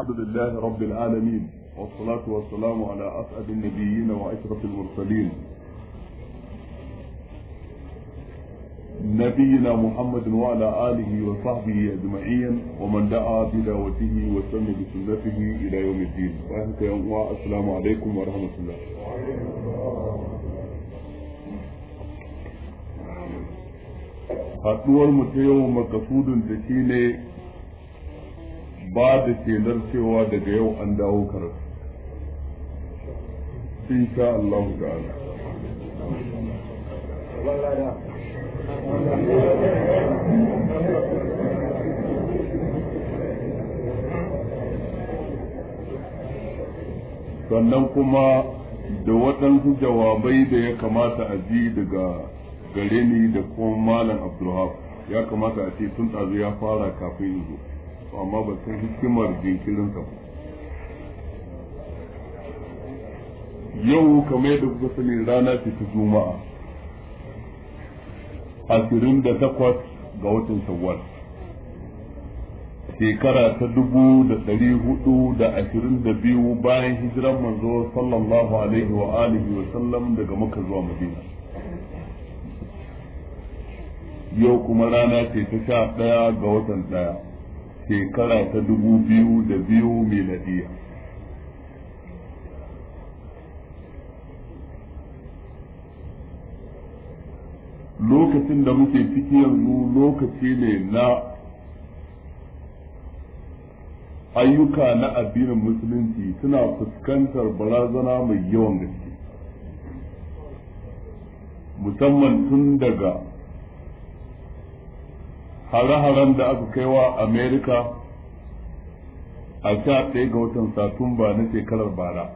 الحمد لله رب العالمين والصلاة والسلام على أسعد النبيين وأشرف المرسلين نبينا محمد وعلى آله وصحبه أجمعين ومن دعا بدعوته وسلم بسنته إلى يوم الدين السلام عليكم ورحمة الله haɗuwar mu ta yau da shi ne ba da shelar cewa daga yau an dawo karatu sha Allah ta'ala sannan kuma da waɗansu jawabai da ya kamata a ji daga gare ni da kuma malam abdulhaf ya kamata a ce tun ɗazu ya fara kafin zo amma ba san hikimar jinkirin ba. yau kamar yadda kuka sani rana ce ta juma'a ashirin da takwas ga watan shawwal shekara ta dubu da ɗari hudu da ashirin da biyu bayan hijiran manzo sallallahu alaihi wa alihi wa sallam daga maka zuwa madina yau kuma rana ce ta sha ɗaya ga watan ɗaya shekara ta dubu biyu da biyu miladiya lokacin da muke ciki yanzu lokaci ne na ayyuka na addinin musulunci suna fuskantar barazana mai yawan gaske musamman tun daga hare-haren da aka kai wa america a sha ɗaya ga watan satumba na shekarar bara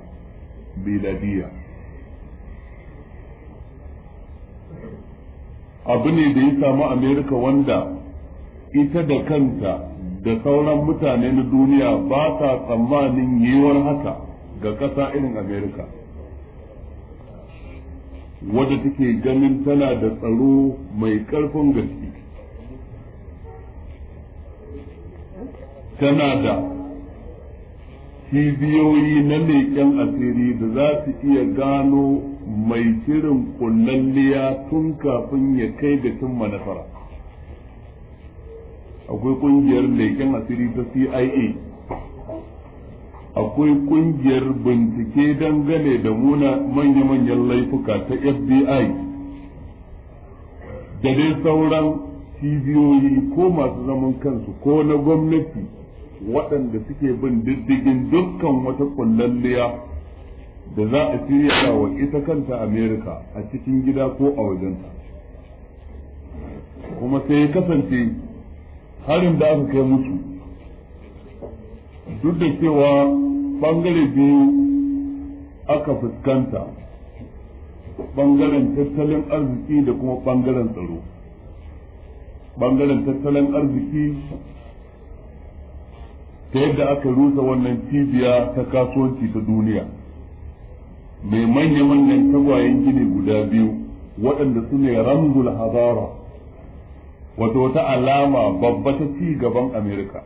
biladiya abu ne da ya samu america wanda ita da kanta da sauran mutane na duniya ba ta tsammanin yiwuwar haka ga ƙasa irin Amerika. wadda take ganin tana da tsaro mai ƙarfin gaske tana da cibiyoyi na leƙen asiri da za su iya gano mai shirin kullalliya tun kafin ya kai da tun nasara akwai ƙungiyar leƙen asiri ta cia akwai ƙungiyar bincike dangane da muna manya-manyan laifuka ta fbi da dai sauran cibiyoyi ko masu zaman kansu ko na gwamnati waɗanda suke bin diddigin dukkan wata kullalliya da za a shirya wa ita kanta amerika a cikin gida ko a wajenta kuma sai ya kasance harin da aka kai musu duk da cewa ɓangare biyu aka fuskanta ɓangaren tattalin arziki da kuma ɓangaren tsaro ɓangaren tattalin arziki ta yadda aka rusa wannan cibiya ta kasuwanci ta duniya mai manya-manyan tagwayen gini guda biyu waɗanda su ne rangul hazara wato wata alama babba ta ci gaban amerika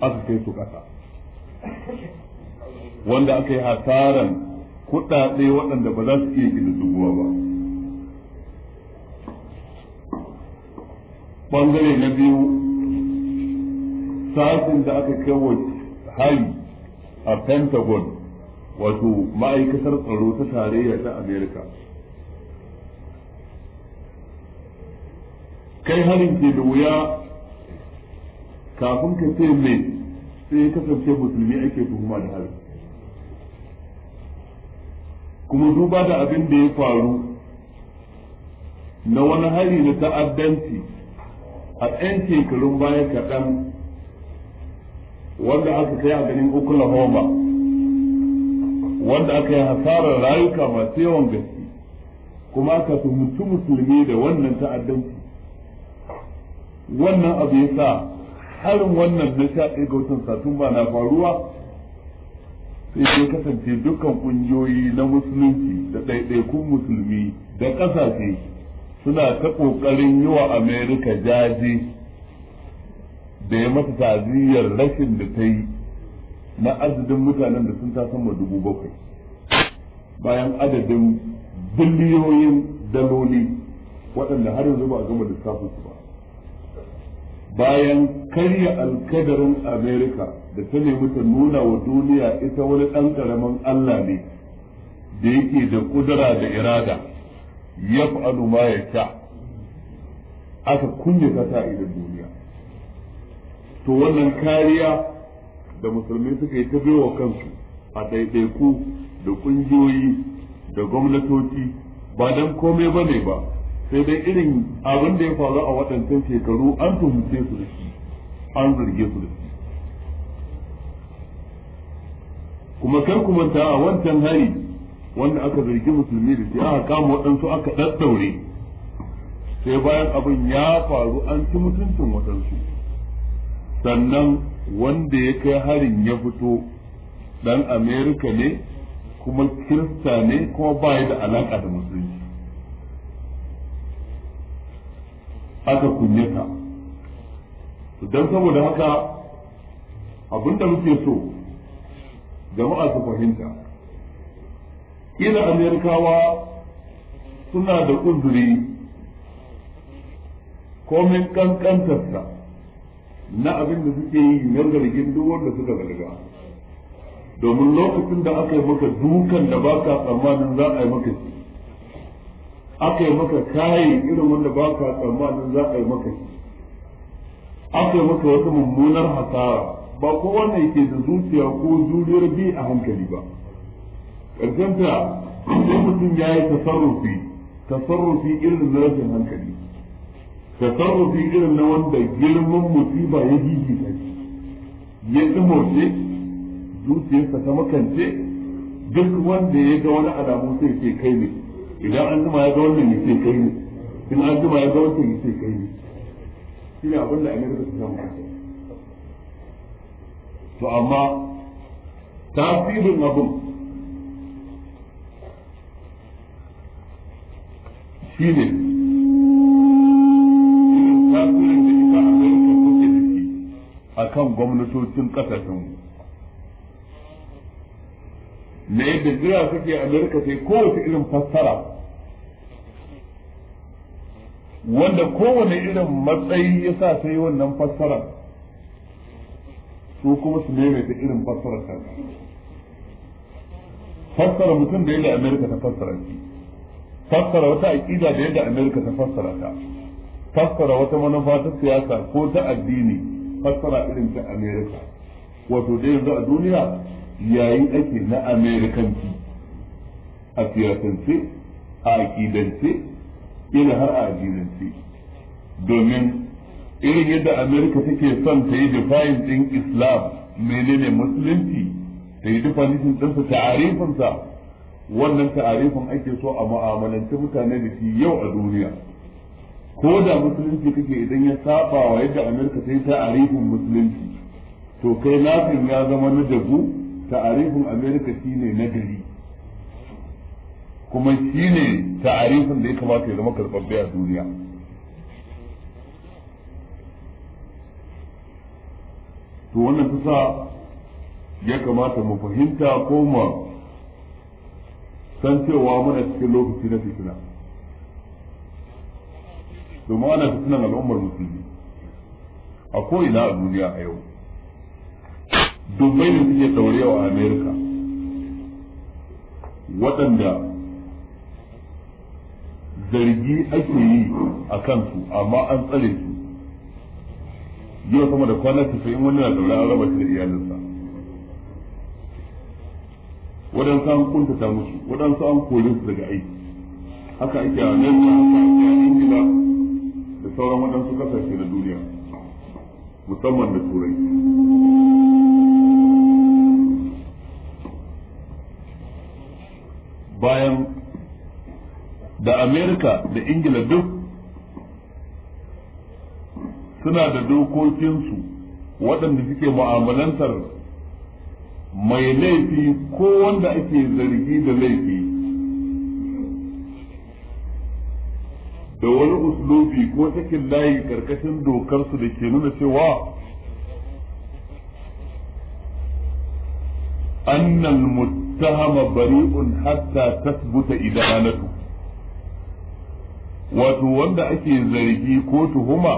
aka kai su ƙasa wanda aka yi hasaran kuɗaɗe waɗanda ba za su iya ƙididduguwa ba ɓangare na biyu sashen da aka kai hari a pentagon wato ma'aikatar tsaro ta tarayya ta america kai harin ke da wuya kafin ka ce me sai ya kasance musulmi ake tuhuma da hari kuma duba da abin da ya faru na wani hari na ta'addanci a 'yan shekarun baya kaɗan wanda aka kai a garin Oklahoma wanda aka yi hasarar rayuka masu yawan gaske kuma aka mutu musulmi da wannan ta'addanci wannan abu ya sa harin wannan na sha ɗaya ga watan satumba na faruwa sai dai kasance dukkan ƙungiyoyi na musulunci da ɗaiɗaikun musulmi da ƙasashe suna ta ƙoƙarin yi wa amerika jaje da ya mata taziyar rashin da ta yi na arzikin mutanen da sun tasan ma dubu bakwai bayan adadin biliyoyin daloli waɗanda har yanzu ba a gama lissafin su ba bayan karya alkadarin amerika da ta nemi ta nuna wa duniya ita wani ɗan ƙaramin allah ne da yake da ƙudura da irada ya fi ma ya sha aka kunye ta idan duniya to wannan kariya da musulmi suka yi ta wa kansu a ɗaiɗaiku da ƙungiyoyi da gwamnatoci ba don komai ba ne ba sai dai irin abin da ya faru a waɗancan shekaru an tuhumce su da shi an zarge su da shi kuma kar kuma ta a wancan hari wanda aka zargi musulmi da shi aka kama waɗansu aka ɗaɗɗaure sai bayan abin ya faru an ci mutuncin waɗansu sannan wanda ya kai harin ya fito dan amerika ne kuma kirista ne kuma ba da alaka da musulunci aka kunyata don saboda haka abinda muke so jama'a su fahimta kila amerikawa suna da uzuri komin kankantarsa na abin da suke yi na zargin duk wanda suka zarga domin lokacin da aka yi maka dukan da ba ka tsammanin za a yi maka shi aka yi maka kayi irin wanda ba ka tsammanin za a yi maka shi aka yi maka wata mummunar hasara ba kowanne yake da zuciya ko juriyar bi a hankali ba ƙarshenta sai mutum ya yi tasarrufi tasarrufi irin zarafin hankali fi irin na wanda girman musiba ya ta ce ya dumurce zuciyarsa ta makance duk wanda ya ga wani alamu sai ke kai ne idan an zuma ya ga wannan ya ce kai ne in an zuma ya ga wannan ya ce kai ne shi ne abin da a nirga su samu to amma tasirin abin shi ne akan gwamnatocin kasashen na yadda jira suke Amerika sai kowace irin fassara wanda kowane irin matsayi ya sa sai wannan fassara su kuma su maimaita irin fassara ta fassara mutum da yadda Amerika ta fassara shi fassara wata aƙida da yadda Amerika ta fassara ta fassara wata manufa ta siyasa ko ta addini fassara irin ta america wato da yanzu a duniya yayi ake na amerikanci a siyasance a akidance ila har a ajinance domin irin yadda america take son ta yi define din islam menene musulunci ta yi definition ɗinsa ta'arifinsa wannan ta'arifin ake so a mu'amalance mutane da shi yau a duniya ko da musulunci kake idan ya saba wa yadda amurka ta yi ta'arifin musulunci to kai nafin ya zama na dabu ta'arifin shi ne na gari kuma shi ne ta'arifin da ya kamata ya zama karɓaɓɓe a duniya to wannan ta ya kamata mu fahimta ko mu san cewa muna cikin lokaci na fitina domin ana fitinan al'ummar musulmi a ko'ina a duniya a yau dubbai ne suke yau a amerika waɗanda zargi ake yi a kansu amma an tsare su yau sama da kwana in wani na daura an raba shi da iyalinsa waɗansu an kuntata musu waɗansu an kore su daga aiki haka ake a nan haka a ingila sauran waɗansu kasashe na duniya musamman da turai bayan da amerika da ingila duk suna da dokokinsu waɗanda suke mu'amalantar mai laifi ko wanda ake zargi da laifi da wani uslubi ko sakin layi karkashin dokarsu da ke nuna cewa أن muttahama bari'un hatta tasbuta idanatu wato wanda ake zargi ko tuhuma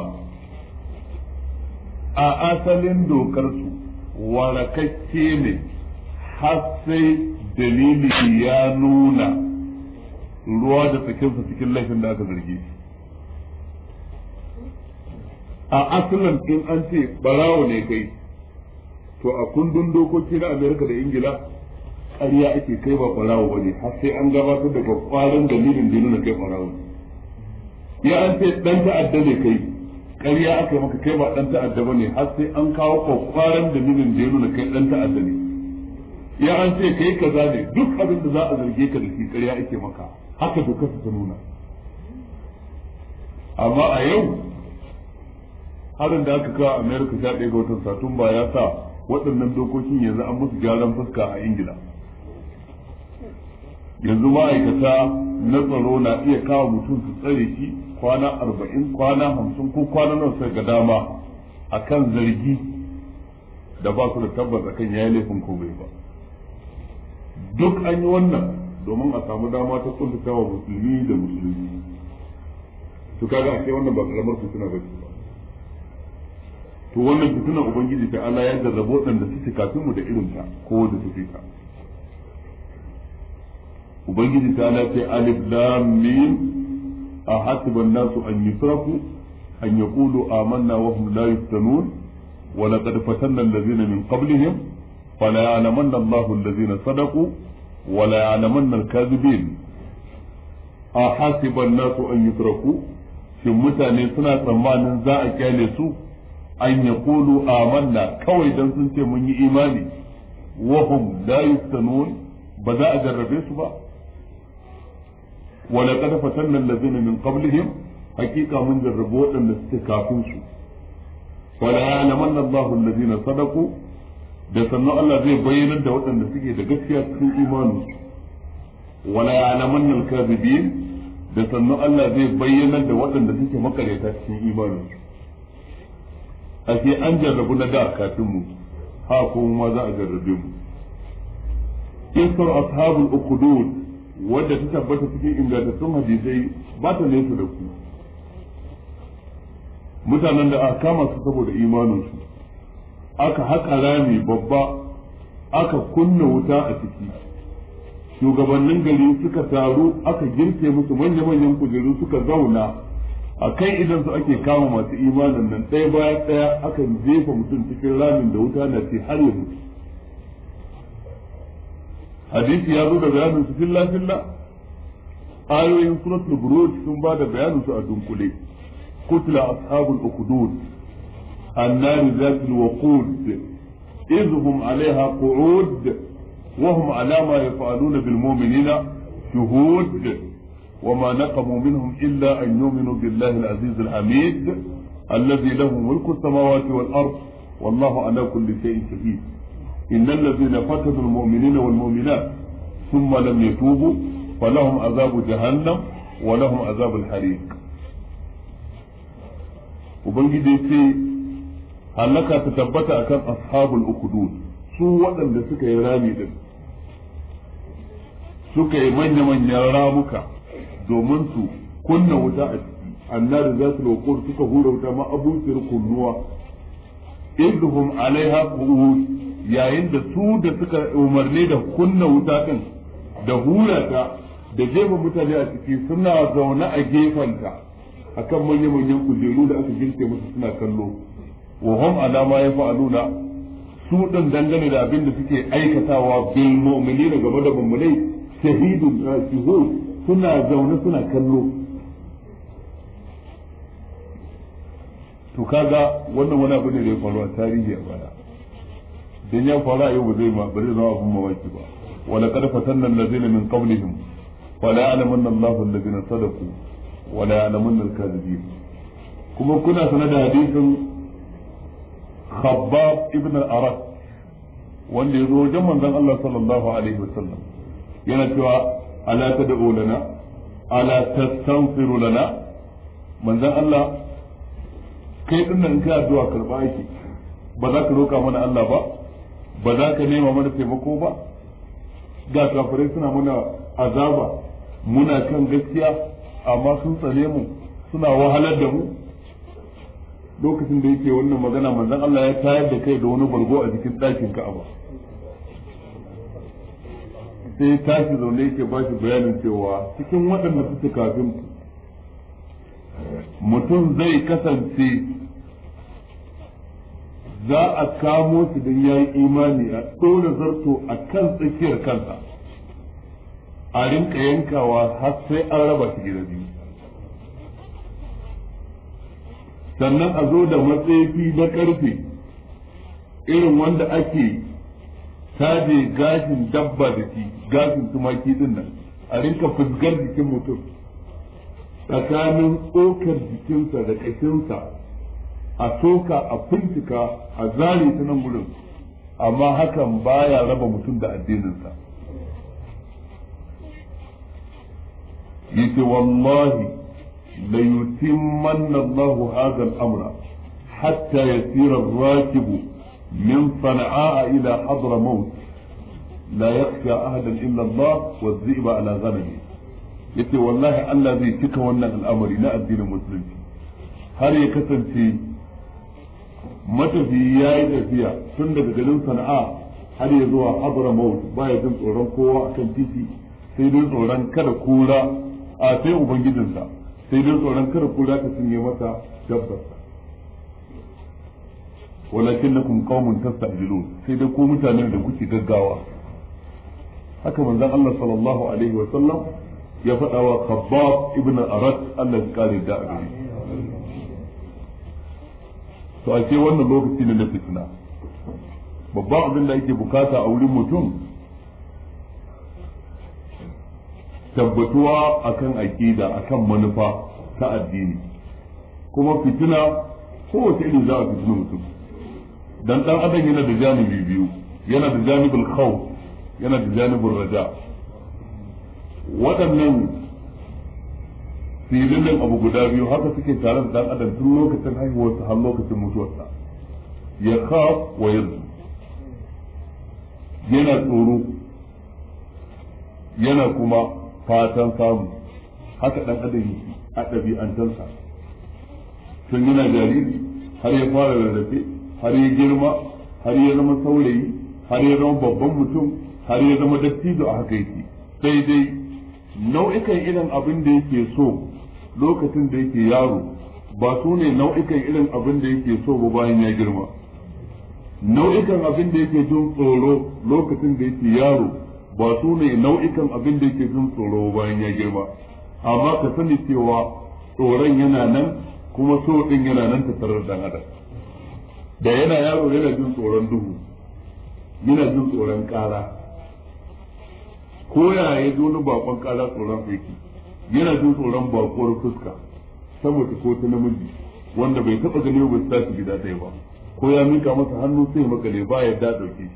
a asalin dokarsu warakakke ne har sai dalili ya nuna ruwa da tsakinsa cikin laifin da aka zarge shi a asalin in an ce barawo ne kai to a kundin dokoki na amerika da ingila ƙarya ake kai ba barawo ba ne har sai an gabatar da kwakwaran dalilin da nuna kai barawo ya an ce ɗan ta'adda ne kai ƙarya aka yi maka kai ba ɗan ta'adda ba ne har sai an kawo kwakwaran dalilin da nuna kai ɗan ta'adda ne ya an ce kai kaza ne duk abin da za a zarge ka da shi ƙarya ake maka haka dokar ta nuna amma a yau harin da aka kawo america sha ɗaya ga watan satumba ya sa waɗannan dokokin yanzu an musu gyaran fuska a ingila yanzu ma'aikata na tsaro na iya kawo mutum su tsare shi kwana arba'in kwana hamsin ko kwana nan sai ga dama a kan zargi da ba su da tabbas a kan yayi laifin ko ba duk an yi wannan domin a samu dama ta kuntuka wa musulmi da musulmi to kaga a ce wannan ba karamar suna ba to wannan fitinan ubangiji ta Allah ya jarrabo waɗanda suke kafin mu da irin ta ko da su ta. ubangiji ta Allah ta alif lam mim a hasiban nasu an yusrafu an yaqulu amanna wa hum la yuftanun wa laqad fatanna allazina min qablihim fala ya'lamanna Allahu allazina sadaqu wala ya'lamanna al-kadhibin a hasiban nasu an yutraku shin mutane suna tsammanin za a kyale su an yaqulu amanna kawai dan sun ce mun yi imani wa hum la yuftanun ba za a jarrabe su ba wala qad fatanna allazina min qablihim hakika mun jarrabu waɗanda suke kafin su wala ya'lamanna Allahu allazina sadaqu da sannan Allah zai bayyanar da waɗanda suke da gaskiya cikin imani wala ya'lamanna al-kadhibin da sannan Allah zai bayyanar da waɗanda suke makareta cikin imani ce an jarrabu na da kafin mu ha ko ma za a jarrabe mu isar ashabul ukhdud wadda ta tabbata cikin ingantattun hadisai ba ta nesa da ku mutanen da aka kama su saboda su aka haƙa rami babba aka kunna wuta a ciki shugabannin gari suka taru aka girke musu manya-manyan kujeru suka zauna a kai idan su ake kama masu imanin nan ɗaya baya ɗaya aka jefa mutum cikin ramin da wuta na ce har ya hadisi ya zo da bayanin su filla filla ayoyin suratul buruj sun ba da bayanin su a dunkule kutla ashabul ukhdud النار ذات الوقود إذ هم عليها قعود وهم على ما يفعلون بالمؤمنين شهود وما نقموا منهم إلا أن يؤمنوا بالله العزيز الحميد الذي له ملك السماوات والأرض والله على كل شيء شهيد إن الذين فتنوا المؤمنين والمؤمنات ثم لم يتوبوا فلهم عذاب جهنم ولهم عذاب الحريق وبنجي halaka ta tabbata akan ashabul ukhdud su waɗanda suka yi rami din suka yi manya manyan ramuka domin su kunna wuta a ciki annar zatul roƙo suka hura wuta ma abusir kunnuwa idhum alaiha qu'ud yayin da su da suka umarni da kunna wuta din da hura ta da jefa mutane a ciki suna zaune a gefanta akan manya manyan kujeru da aka girke musu suna kallo wa hum ala ma yafaluna su din dangane da abin da suke aikatawa bil mu'minina game da mu'minai shahidun rasihu suna zaune suna kallo to kaga wannan wani abu ne da ya faru a tarihi a baya dan ya faru a yau ba zai ba zai zama abin mamaki ba wa laqad fatanna allazina min qablihim wala ya'lamanna allahu allazina sadaqu la ya'lamanna al-kadhibin kuma kuna sanada da hadisin khabbab ibn al wanda ya zo wajen manzon Allah sallallahu alaihi wasallam yana cewa ala tad'u lana ala tastanfiru lana manzon Allah kai din nan ka addu'a karba aiki. ba za ka roka mana Allah ba ba za ka nema mana taimako ba ga kafirai suna mana azaba muna kan gaskiya amma sun tsare mu suna wahalar da mu lokacin da yake wannan magana manzon Allah ya tayar da kai da wani bargo a jikin ɗakin Ka'aba sai tashi zaune yake ba shi bayanin cewa cikin waɗanda suke kafin mutum zai kasance za a kamo shi don yayi imani a ɗora zarto a kan tsakiyar kansa a rinka yankawa har sai an raba shi gida biyu sannan a zo da matsefi na karfe irin wanda ake taje gashin dabba da shi gashin tumaki din nan a rinka fusgar jikin mutum tsakanin tsokar jikinsa da ƙashinsa a soka a fintika a zare ta nan wurin amma hakan baya raba mutum da addininsa yace wallahi la yutimmanna Allahu hadha al-amra hatta yasira ar-rakibu min a ila hadramaut la yakhsha ahadan illa Allah wa dhiba yace wallahi Allah zai cika wannan al'amari na addinin musulunci har ya kasance matafiyi ya yi tafiya tun daga garin sana'a har ya zuwa hadramaut baya jin tsoron kowa akan titi sai dai tsoron kada kura a sai ubangijinsa sai dai tsoron kar ku za ka cinye masa dabbar walakin kun qaumun tastajilun sai dai ko mutanen da kuke gaggawa haka manzon Allah sallallahu alaihi wa sallam ya faɗa wa Khabbab ibn Arat Allah ya kare da abin to a ce wannan lokaci ne na fitna babban abin da ake bukata a wurin mutum tabbatuwa akan aqida akan manufa ta addini kuma fitina kowace irin za a fitina mutum dan dan adam yana da janibi biyu yana da janibul khawf yana da janibul raja waɗannan filin abu guda biyu haka suke tare da dan adam tun lokacin sa har lokacin mutuwarsa ya khaf wa yanzu yana tsoro yana kuma fatan samu haka dan adam yake a ɗabi'antarsa tun yana jariri har ya fara rarrafe har ya girma har ya zama saurayi har ya zama babban mutum har ya zama dattijo a haka yake sai dai nau'ikan irin abin da yake so lokacin da yake yaro ba su ne nau'ikan irin abin da yake so ba bayan ya girma nau'ikan abin da yake jin tsoro lokacin da yake yaro ba su ne nau'ikan abin da yake jin tsoro bayan ya girma amma ka sani cewa tsoron yana nan kuma so din yana nan ta tarar dan adam da yana yaro yana jin tsoron duhu yana jin tsoron kara ko ya yi wani bakon kara tsoron aiki yana jin tsoron bakuwar fuska saboda ko ta namiji wanda bai taba gani ba su tashi gida ɗaya ba ko ya mika masa hannu sai makale ba ya da shi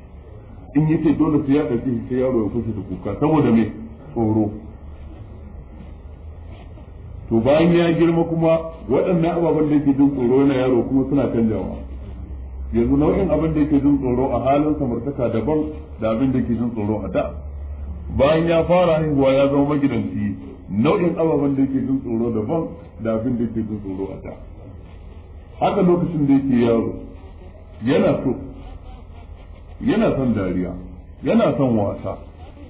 in yake dole sai ya dauke shi sai yaro ya kusa da kuka saboda me tsoro to bayan ya girma kuma waɗannan ababen da yake jin tsoro na yaro kuma suna canjawa yanzu nau'in abin da yake jin tsoro a halin samartaka daban da abin da yake jin tsoro a da bayan ya fara haihuwa ya zama magidanci nau'in ababen da yake jin tsoro daban da abin da yake jin tsoro a da haka lokacin da yake yaro yana so yana son dariya yana son wasa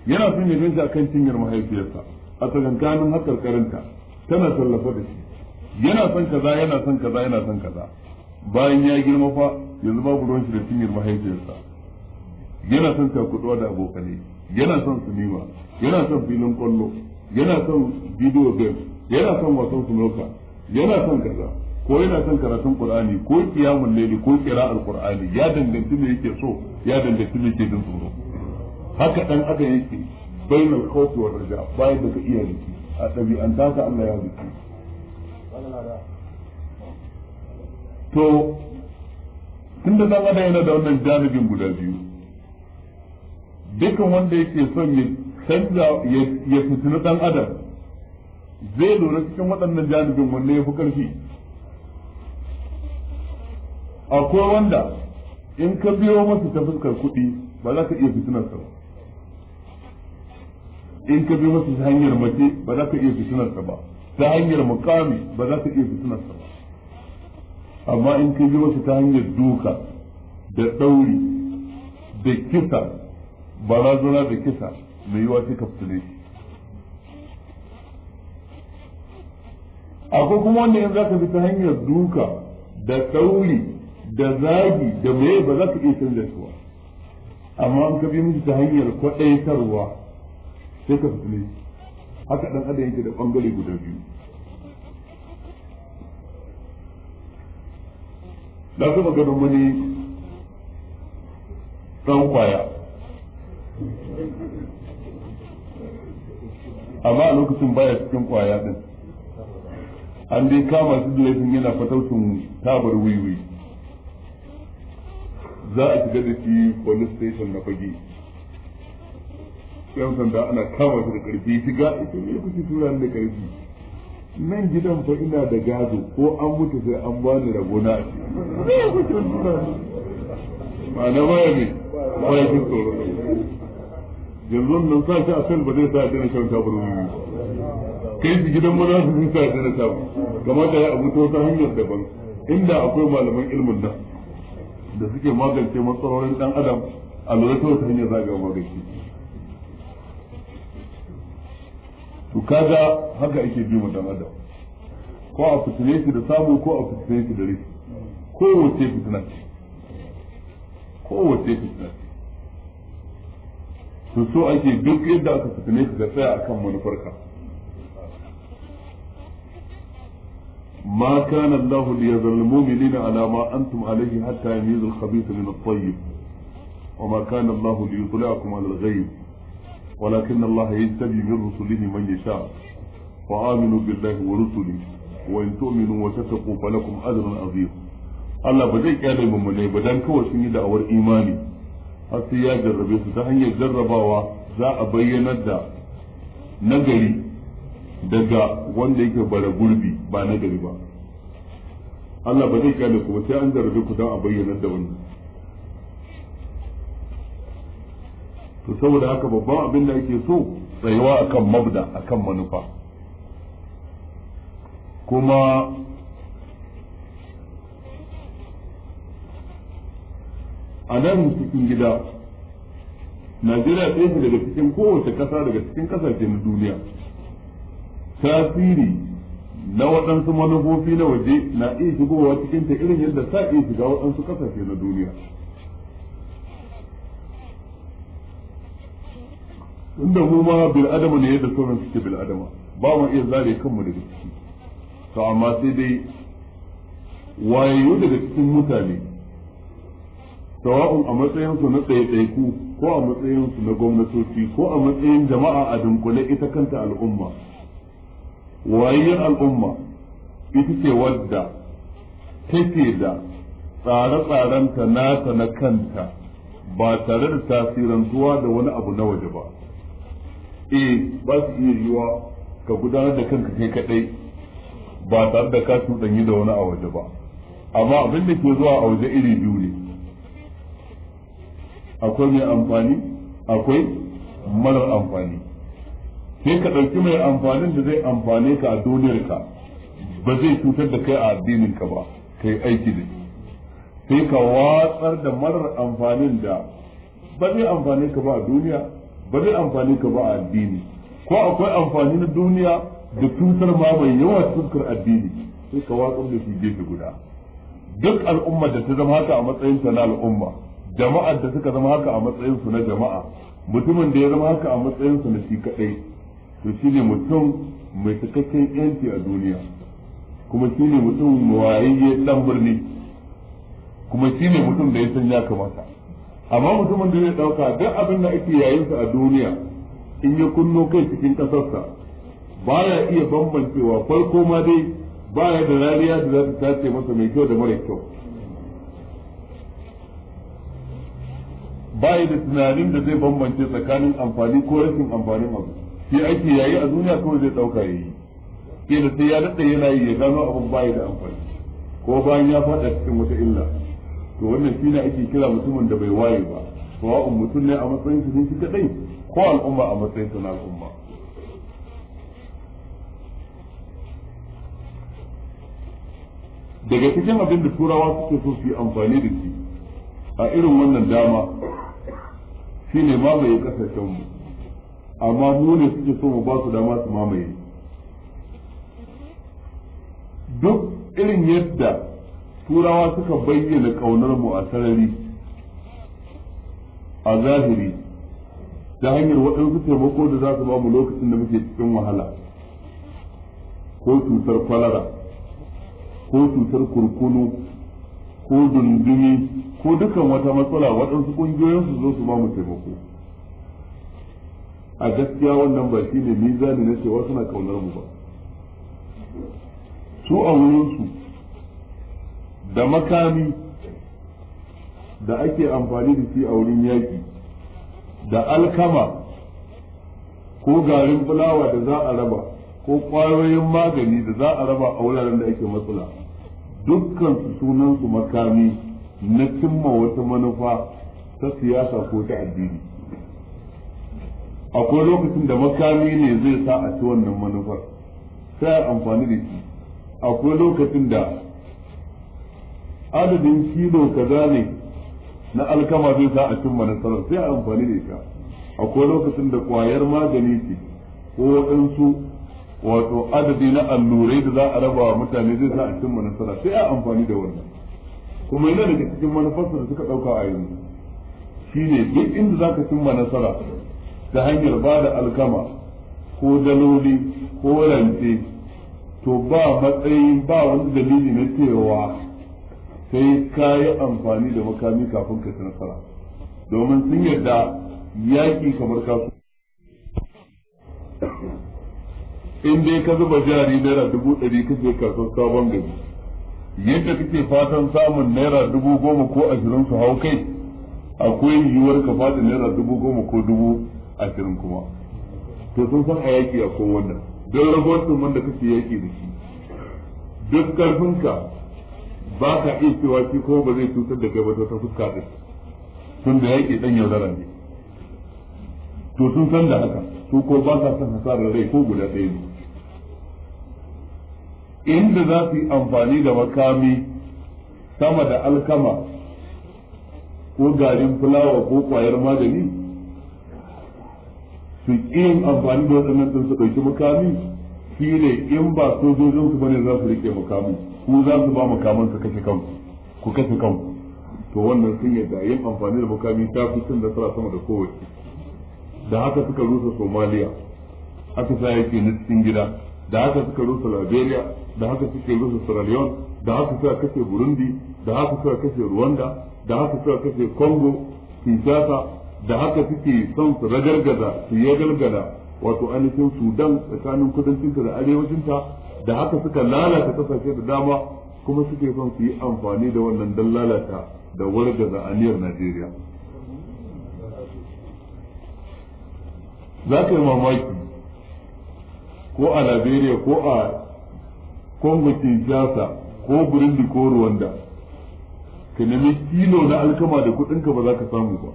yana son ya ganshi kan cinyar mahaifiyarsa a tsakankanin hakar karinta tana tallafa da shi yana son kaza yana son kaza yana son kaza bayan ya girma fa yanzu babu ruwan shi da cinyar mahaifiyarsa yana son takuduwa da abokanai yana son sinima yana son filin kwallo yana son bidiyo game yana son wasan sunoka yana son kaza ko yana son karatun qur'ani ko qiyamul layli ko qira'ar qur'ani ya danganci me yake so ya danganci me yake jin tsoro haka dan aka yake al khawfi wa raja bai daga iyali a dabi'an ta Allah ya riki to tun da dan adam yana da wannan janibin guda biyu dukan wanda yake son ya canza ya fitini dan adam zai lura cikin waɗannan janibin wanne ya fi ƙarfi akwai wanda in ka biyo masa ta fuskar kuɗi ba za ka iya fitinar sa ba in ka biyo masa ta hanyar mace ba za ka iya fitinar sa ba ta hanyar mukami ba za ka iya fitinar sa ba amma in ka biyo masa ta hanyar duka da ɗauri da kisa barazana da kisa mai yiwa sai ka fitile shi akwai kuma wanda in za ka bi ta hanyar duka da ɗauri da zagi da meye ba za ka iya canza su amma an ka biyu ta hanyar kwaɗaitarwa sai ka fitile haka ɗan adam yake da ɓangare guda biyu na taɓa ganin wani ɗan kwaya amma a lokacin baya cikin kwaya ɗin an dai kama su da laifin yana fatautin tabar wiwi za a shiga da shi police station na fage yan sanda ana kama shi da karfi shiga ita ne kuke tura da karfi nan gidan fa ina da gado ko an mutu sai an bani ragona me kuke tura ma'ana baya ne baya kun tsoro yanzu nan sa shi a san ba zai sa dana shan tabarun kai su gidan maza su sa dana kamar da ya abu ta wata hanyar daban inda akwai malaman ilmin nan da suke magance matsalolin dan adam a lura ta wata hanyar zaga magance to kaga haka ake bi mu dan adam ko a fitine shi da samu ko a fitine shi da ko wace fitina ce wace fitina ce to so ake duk yadda aka fitine shi da tsaya akan manufarka ما كان الله ليذر المؤمنين على ما أنتم عليه حتى يميز الخبيث من الطيب وما كان الله ليطلعكم على الغيب ولكن الله يجتبي من رسله من يشاء وآمنوا بالله ورسله وإن تؤمنوا وتتقوا فلكم أجر عظيم Allah ba zai kyale mummunai ba dan kawai sun yi da'awar imani har sai ya jarrabe su ta hanyar jarrabawa za a bayyanar da nagari daga wanda yake bara gurbi ba na gari ba Allah ba zai kyale ku sai an zarge ku don a bayyana da wannan to saboda haka babban abin da ake so tsayuwa akan mabda akan manufa kuma a nan cikin gida najeriya ɗaya daga cikin kowace ƙasa daga cikin ƙasashen na duniya tasiri na waɗansu manufofi na waje na iya shigowa cikin ta irin yadda sa iya shiga waɗansu ƙasashe na duniya inda mu ma bil adama ne yadda sauran suke bil ba mu iya zare kanmu daga ciki to amma sai dai wayayu daga cikin mutane sawa'un a matsayinsu na tsaye ko a matsayinsu na gwamnatoci ko a matsayin jama'a a dunkule ita kanta al'umma wayayyar al'umma ita ce wadda take da tsare-tsarenta nata na kanta ba tare da zuwa da wani abu na waje ba eh ba su iya yiwa ka gudanar da kanka kai kadai ba tare da ka tudanyi da wani a waje ba amma abin da ke zuwa a waje iri biyu ne akwai mai amfani akwai marar amfani sai ka ɗauki mai amfanin da zai amfane ka a duniyarka ba zai cutar da kai a addinin ka ba kai aiki da shi sai ka watsar da marar amfanin da ba zai amfane ka ba a duniya ba zai amfane ka ba a addini ko akwai amfani na duniya da cutar ma mai yawa cutar addini sai ka watsar da shi gefe guda duk al'ummar da ta zama haka a matsayin ta na al'umma jama'ar da suka zama haka a matsayin su na jama'a mutumin da ya zama haka a matsayin su na shi kadai to ne mutum mai cikakken yanci a duniya kuma shi ne mutum mawayayye dan birni kuma shi ne mutum da ya san ya kamata amma mutumin da zai dauka duk abin da ake yayin sa a duniya in ya kunno kai cikin kasarsa baya iya bambancewa farko ma dai baya da rariya da za ta tace masa mai kyau da mara kyau baya da tunanin da zai bambance tsakanin amfani ko rashin amfanin abu shi ake yayi a duniya kawai zai dauka ke da sai ya daɗe yana yi ya gano abin bayi da amfani ko bayan ya faɗa cikin wata illa to wannan shi ne ake kira mutumin da bai waye ba sawa'un mutum ne a matsayin shi shi kadai ko al'umma a matsayin su na al'umma daga cikin abin da turawa suke so su yi amfani da shi a irin wannan dama shine mamaye kasashenmu amma mu ne suke so mu ba su dama su mamaye duk irin yadda turawa suka bayyana ƙaunar mu a sarari a zahiri ta hanyar waɗansu taimako da za su ba mu lokacin da muke cikin wahala ko cutar kwalara ko cutar kurkunu ko dundumi ko dukan wata matsala waɗansu ƙungiyoyin su zo su ba mu taimako a gaskiya wannan ba shi ne mizani na cewa suna kaunar mu ba su a wurinsu da makami da ake amfani da shi a wurin yaƙi da alkama ko garin fulawa da za a raba ko ƙwayoyin magani da za a raba a wuraren da ake matsala dukkan sunansu makami na cimma wata manufa ta siyasa ko ta addini akwai lokacin da makami ne zai sa a ci wannan manufar sai a amfani da shi akwai lokacin da adadin kilo kaza ne na alkama zai sa a cin manufar sai a amfani da shi akwai lokacin da kwayar magani ce ko waɗansu wato adadi na allurai da za a raba wa mutane zai sa a cin manufar sai a amfani da wannan kuma yana daga cikin manufarsa da suka ɗauka a yanzu shine duk inda za ka cimma nasara ta hanyar ba da alkama ko daloli ko rance to ba matsayin ba wani dalili na cewa sai ka yi amfani da makami kafin ka ci nasara domin sun yarda yaƙi kamar kasu in dai ka zuba jari naira dubu ɗari ka je kasuwar sabon gari yadda kake fatan samun naira dubu goma ko ashirin su hau kai akwai yiwuwar ka faɗi naira dubu goma ko dubu ashirin kuma to sun san a yaƙi a ko wannan don ragowar wanda kake yaƙi da shi duk karfinka ba ka iya cewa shi ko ba zai cutar da kai ba ta fuska ɗin tun da ɗan dan yaudara ne to sun san da haka su ko ba sa son hasarar rai ko guda ɗaya ne inda za su yi amfani da makami sama da alkama ko garin fulawa ko kwayar magani su yin amfani da waɗannan ɗin su ɗauki makami shi ne in ba sojojin su bane za su rike makami ku za su ba makaman su kashe kanku ku kashe kanku to wannan sun yadda yin amfani da makami ta fi cin nasara sama da kowace da haka suka rusa somaliya haka sa yake na cikin gida da haka suka rusa liberia da haka suke rusa sierra leone da haka suka kashe burundi da haka suka kashe rwanda da haka suka kashe congo kinshasa da haka suke son su ragargaza su ya galgada wato ainihin sudan tsakanin kudancinta da arewacinta da haka suka lalata kasashe da dama kuma suke son su yi amfani da wannan don lalata da wargaza aniyar najeriya za ka yi mamaki ko a liberia ko a congo kinshasa ko burundi ko rwanda ka nemi kilo na alkama da kudinka ba za ka samu ba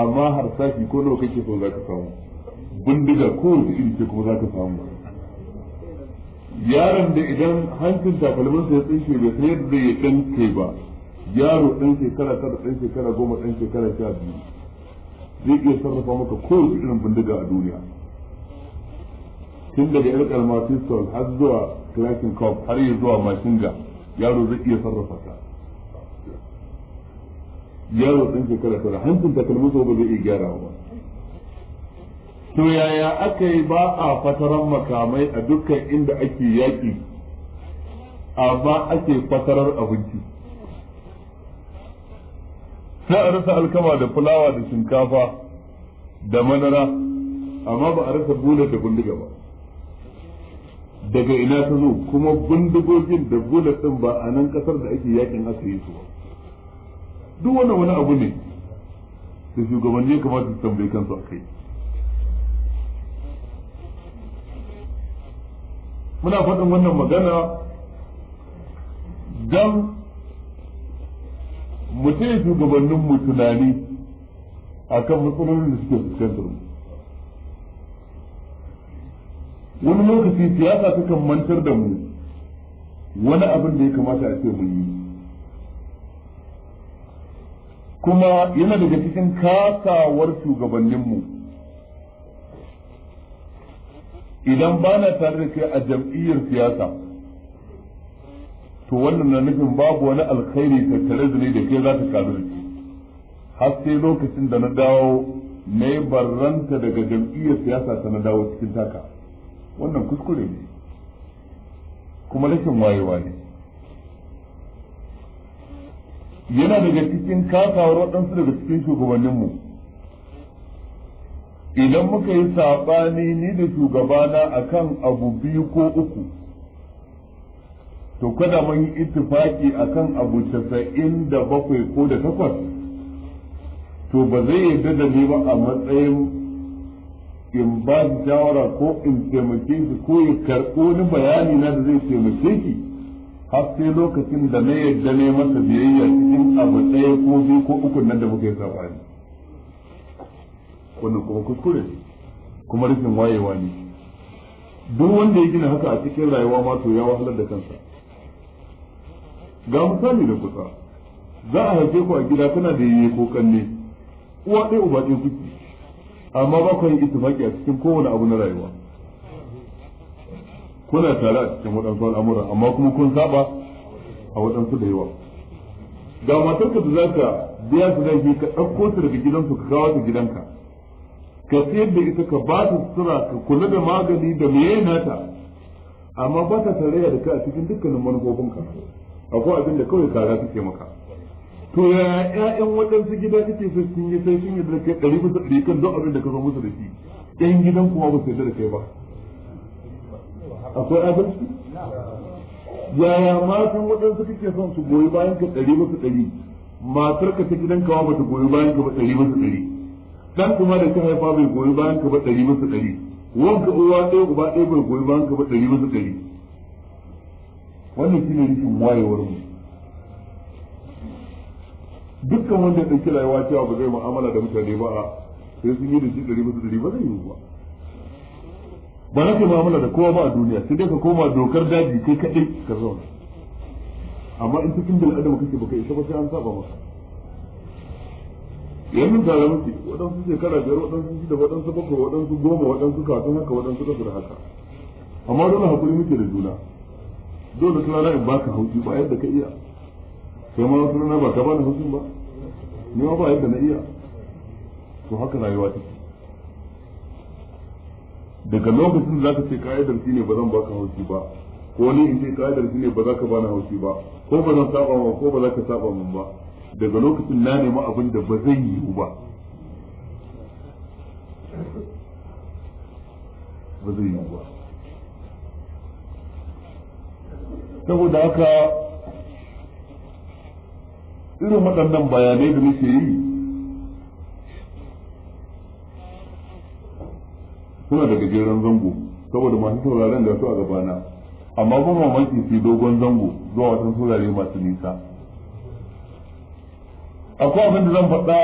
amma har sashi ko nawa kake so za ka samu bindiga ko kowace iri ce kuma za ka samu yaron da idan hancin takalminsa ya tsinke bai san yadda zai dan kai ba yaro ɗan shekara tara ɗan shekara goma ɗan shekara sha biyu zai iya sarrafa maka ko kowace irin bindiga a duniya tun daga yar kalma pistol har zuwa clashing cup har yi zuwa mashinga yaro zai iya sarrafa ta yaro ɗin shekara tara hancin takalmin so ba zai iya ba to yaya aka yi ba a fataran makamai a dukkan inda ake yaƙi amma ake fatarar abinci sai a rasa alkama da fulawa da shinkafa da madara amma ba a rasa bular da bindiga ba daga ina ta zo kuma bindigogin da bulat ɗin ba a nan ƙasar da ake yakin aka yi su ba duk wannan wani abu ne da shugabanni ya kamata su tambaye kansu a kai muna faɗin wannan magana don mutum ya shugabannin mu tunani kan matsalolin da suke fuskantar mu wani lokaci siyasa ta kan mantar da mu wani abin da ya kamata a ce mu yi kuma yana daga cikin kasawar shugabanninmu idan ba na tare da kai a jam'iyyar siyasa to wannan na nufin babu wani alkhairi tattare da ni da ke za ta karu da ke har sai lokacin da na dawo na yi barranta daga jam'iyyar siyasa ta na dawo cikin taka wannan kuskure ne kuma rashin wayewa ne yana daga cikin kasawar waɗansu daga cikin shugabanninmu idan muka yi saɓani ni da shugabana a kan abu biyu ko uku to kada mun yi a kan abu casa'in da bakwai ko da takwas to ba zai yarda da ni ba a matsayin in ba shawara ko in taimake shi ko ya karɓo ni bayani na da zai taimake shi har sai lokacin da na yadda ne masa biyayya cikin abu ɗaya ko biyu ko uku nan da muka yi sabani wannan kuma kuskure ne kuma rufin wayewa ne duk wanda ya gina haka a cikin rayuwa ma to ya wahalar da kansa ga misali da kusa za a haife ku a gida kuna da yayye ko kanne uwa ɗaya uba ɗaya kuke amma ba ku yi ittifaki a cikin kowane abu na rayuwa kuna tare a cikin waɗansu al'amura amma kuma kun saba a waɗansu da yawa ga matarka da za ka biya su zai ka ɗauko su daga gidansu ka kawo su gidanka ka sayar da ita ka ba ta sutura ka kula da magani da meye nata amma ba ta tarayya da ka a cikin dukkanin manufofinka akwai abin da kawai kara suke maka to ya ƴaƴan waɗansu gida kake so sun yi sai sun yi da kai ɗari bisa ɗari kan don abin da ka zo musu da shi ƴan gidan kuma ba su yarda da kai ba akwai adalci yaya matan waɗansu kake son su goyi bayan ka ɗari masu ɗari matar ka ta gidan kawa bata goyi bayan ka ba ɗari masu ɗari dan kuma da ka haifa bai goyi bayan ka ba ɗari masu ɗari wanka uwa ɗaya uba ɗaya bai goyi bayan ka ba ɗari masu ɗari wannan shine ne wayewar mu dukkan wanda ya ɗauki rayuwa cewa ba zai mu'amala da mutane ba sai sun yi da shi ɗari masu ɗari ba zai yi ba ba na ke mu'amala da kowa ba a duniya sai dai ka koma dokar daji kai kaɗai ka zauna amma in cikin da adama kake baka isa ba sai an saba maka yanzu tare mutu waɗansu shekara biyar waɗansu shida waɗansu bakwai waɗansu goma waɗansu kafin haka waɗansu kasu da haka amma dole hakuri muke da juna dole su rana in baka hauki ba yadda ka iya sai ma wasu rana ba ka bani haukin ba ni ma ba yadda na iya to haka rayuwa take daga lokacin da zaka ce ka'idar shine ba zan baka haushi ba ko ni in ce ka'idar shine ba za ka bani haushi ba ko ba zan saba ma ko ba za ka saba min ba daga lokacin na nemi abin da ba zan yi ba ba zan yi ba saboda haka irin waɗannan bayanai da muke yi suna da gajeren zango saboda masu sauraren da su a gabana amma kuma mamaki su dogon zango zuwa wasan saurare masu nisa akwai abin da zan faɗa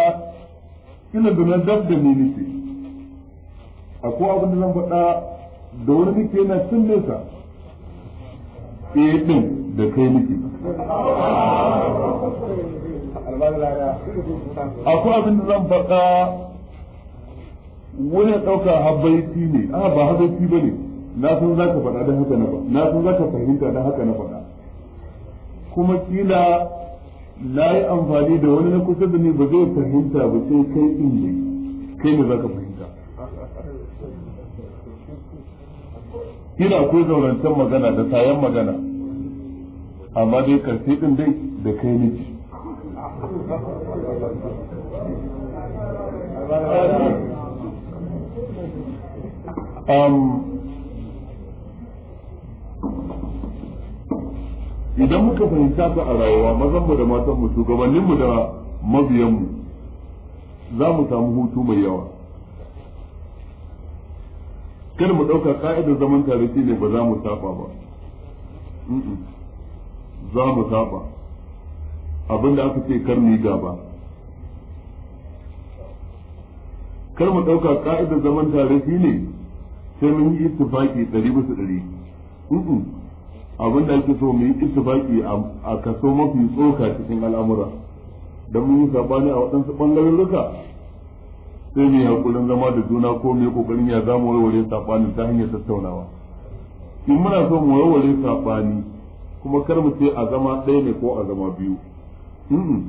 ina da na dab da ni nufi akwai abin da zan faɗa da wani nufi yana cin nesa eh da kai nufi akwai abin da zan faɗa wani ɗauka habbaiti ne a ba habbaiti ba ne na san za ka faɗa don haka na faɗa na san za ka fahimta don haka na faɗa kuma kila na yi amfani da wani na kusa da ni ba zai fahimta ba sai kai ɗin ne kai ne za ka fahimta kila ko zaurantar magana da sayan magana amma dai karfe ɗin dai da kai nake Um, idan muka fahimta ta a rayuwa mazan mu da matan mu shugabannin mu da mabiyan mu za mu samu hutu mai yawa kar mu ɗauka ka'idar zaman tare shi ne ba za mu saba ba za mu saba abinda aka ce kar mu yi gaba kar mu ɗauka ka'idar zaman tare shi ne sai mun yi ittifaki dari bisa ɗari abin da ake so mu yi a kaso mafi tsoka cikin al'amura don mun yi sabani a waɗansu luka sai mu hakurin zama da juna ko mu yi ƙoƙarin ya za mu warware sabani ta hanyar tattaunawa in muna so mu warware sabani kuma kar mu ce a zama ɗaya ne ko a zama biyu mu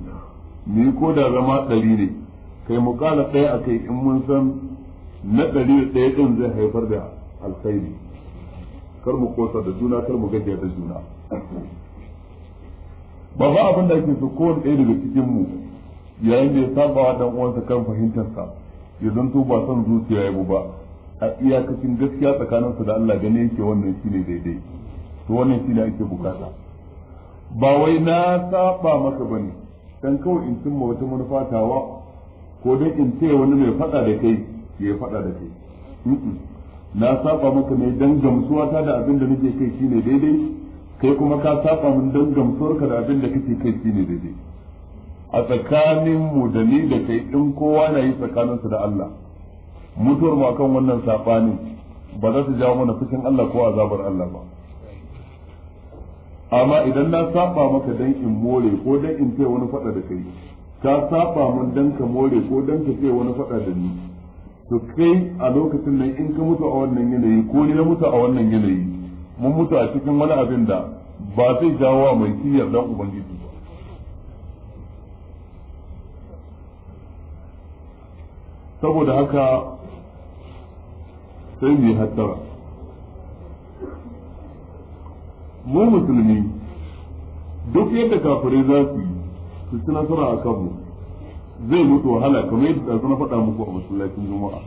yi ko da zama ɗari ne kai mu kala ɗaya a kai in mun san na ɗari ɗaya ɗin zai haifar da alkhairi kar mu kosa da juna kar mu gajiya da juna ba ba abin da ake so kowane ɗaya daga cikin mu yayin da ya saba wa dan uwansa kan fahimtarsa ya zanto ba son zuciya ya ba a iyakacin gaskiya tsakaninsa da Allah gane yake wannan shine daidai to wannan shine ake bukata ba wai na saba maka bane dan kawai in cimma wata manufa tawa ko dai in ce wani mai faɗa da kai ya faɗa da kai na saba maka ne dan gamsuwa ta da abin da nake kai shine daidai kai kuma ka saba min dan gamsuwar ka da abin da kake kai shine daidai a tsakanin mu da ni da kai in kowa na yi tsakaninsa da Allah mutuwar mu akan wannan sabanin ba za su jawo mana fushin Allah ko azabar Allah ba amma idan na saba maka dan in more ko dan in ce wani faɗa da kai ka saba mun dan ka more ko dan ka ce wani faɗa da ni to kai a lokacin nan in ka mutu a wannan yanayi ko ni na mutu a wannan yanayi mun mutu a cikin wani abin da ba zai jawo mai kiyar dan ubangiji ba saboda haka sai mu yi hattara mu musulmi duk yadda kafirai za su yi su ci nasara a kanmu zai mutu wahala kamar yadda da na faɗa muku a masallacin juma'a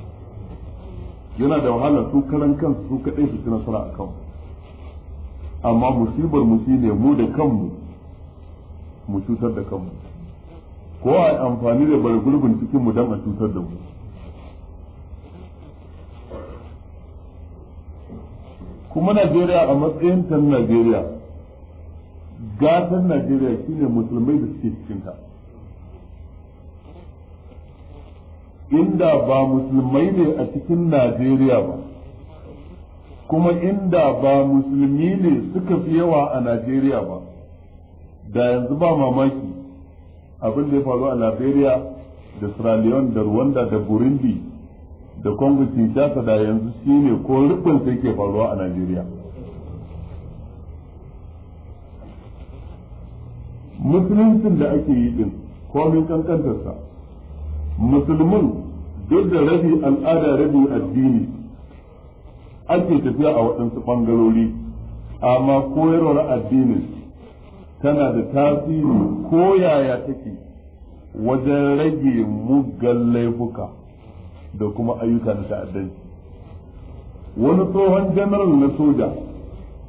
yana da wahala su karan kansu su kaɗai su ci nasara a kanmu amma musibar mu shine mu da kanmu mu cutar da kanmu ko a amfani da bar gurbin cikin mu don a cutar da mu kuma Najeriya a matsayin tan Najeriya gasar Najeriya shine musulmai da suke cikinta. ta inda ba musulmai ne a cikin Najeriya ba kuma inda ba musulmi ne suka fi yawa a Najeriya ba da yanzu ba mamaki abin da ya faru a Liberia da Sierra da Rwanda da Burundi da Congo Kinshasa da yanzu shine ko rubin sai ke faruwa a Najeriya musuluncin da ake yi din komin kankantarsa musulmin duk da rabi al'ada rabi addini ake tafiya a waɗansu ɓangarori amma koyarwar addinin tana da tasiri ko yaya take wajen rage muggan laifuka da kuma ayyuka na ta'addanci wani tsohon janaral na soja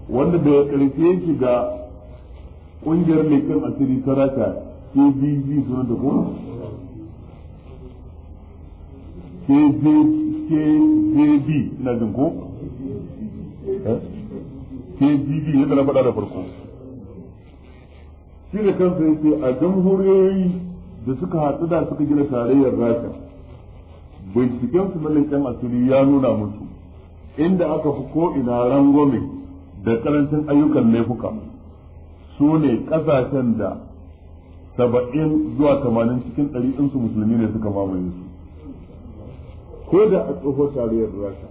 wanda da ƙarshe yake ga ƙungiyar leƙen asiri ta rata cbg suna da kuma KJB ina jin ko eh? yadda na faɗa da farko shi da kansa yake a jamhuriyoyi da suka haɗu da suka gina tarayyar rasha binciken su na leƙen asiri ya nuna musu inda aka fi ko ina rangwame da karancin ayyukan laifuka su ne ƙasashen da saba'in zuwa tamanin cikin ɗari ɗinsu musulmi ne suka mamaye su ko da a tsohon tarayyar rasha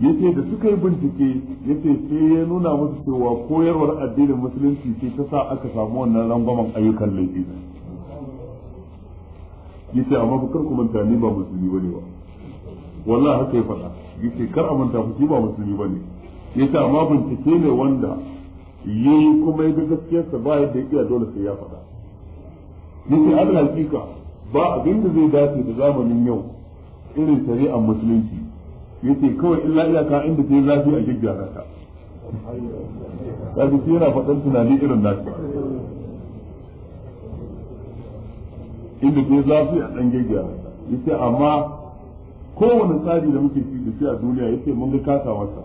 ce da suka yi bincike ya ce sai ya nuna musu cewa koyarwar addinin musulunci ce ta sa aka samu wannan rangwamen ayyukan laifi ce amma fa kar ku manta ni ba musulmi ba ne ba wallah haka ya faɗa ce kar a manta ku ba musulmi ba ne Ya ce amma bincike ne wanda ya yi kuma ya ga gaskiyarsa ba yadda iya dole sai ya faɗa ce an hakika ba abin da zai dace da zamanin yau irin shari'ar musulunci Ya ce kawai illa iyaka inda ta yi zafi a gyaggyara ta kaji shi yana faɗar tunani irin nasu inda ta yi zafi a ɗan Ya ce amma kowane tsari da muke fi da a duniya ya ce mun ga kasa wata